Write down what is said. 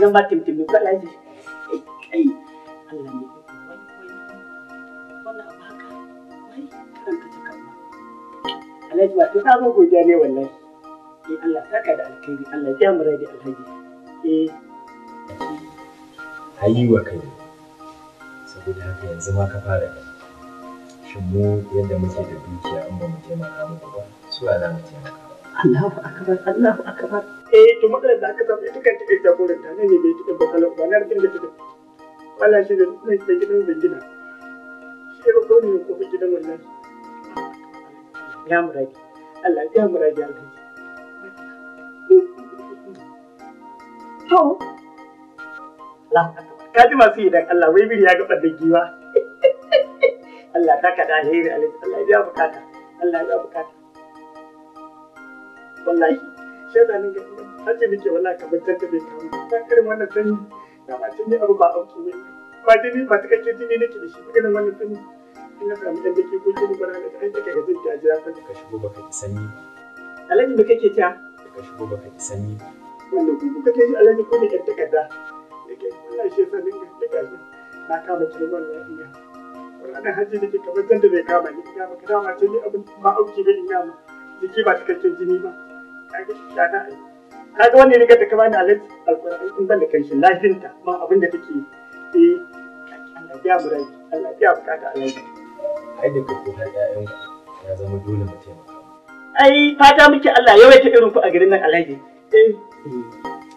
nan ba timtimi ba lafi kai Allah ne wannan abu haka wai kanka ta kama alhaji ba ta sabon godiya ne wallahi eh Allah saka da alkhairi Allah ya mu rai da alhaji eh ayi wa kai saboda haka yanzu ma ka fara kai shin mu yadda muke da dukiya in ba mu taimaka muku ba su ala mu taimaka Allahu akbar Allahu akbar eh to matsalar da aka samu ita kanta ita burin ta ne bai tuɗin bakalan ba na rikin da tuɗin Allah shi da nan da gidan da gina shi ba kone ne kofin gidan wannan ya murage Allah ya murage Allah to ka ji masu idan Allah wai biri ya ga ɓadda giwa Allah ta ka da alheri Allah ya bukata Allah ya bukata wallahi shaida ne ga hajji nake wallahi kamar tanka bai kama ba irin wannan sanyi da ba tun abu ba auki ne ba jini ba cikakken jini nake da shi irin wannan sanyi ina samu ɗan dake ko jini bana da kai kake ga jin ta jira ka ka shigo baka ji sanyi alhaji me kake ta ka shigo baka ji sanyi wanda ku kake ji alhaji ko ne ɗan takarda da ke wallahi shi yasa dinga dinga shi na kama kirgon lafiya wannan hajji nake kamar tanka bai kama ni ina maka dama ce ni abin ma auki bai ina ma jiki ba cikakken jini ba ka ga wannan rigar da ka bani alaji alkur'ani in zan da kanshi lafinta ma abin da take eh Allah ya rai, Allah ya bukata alaji ai da kake da ƴaƴan ya zama dole mu taimaka ai fata muke Allah ya yawaita irin ku a garin nan alaji eh, eh.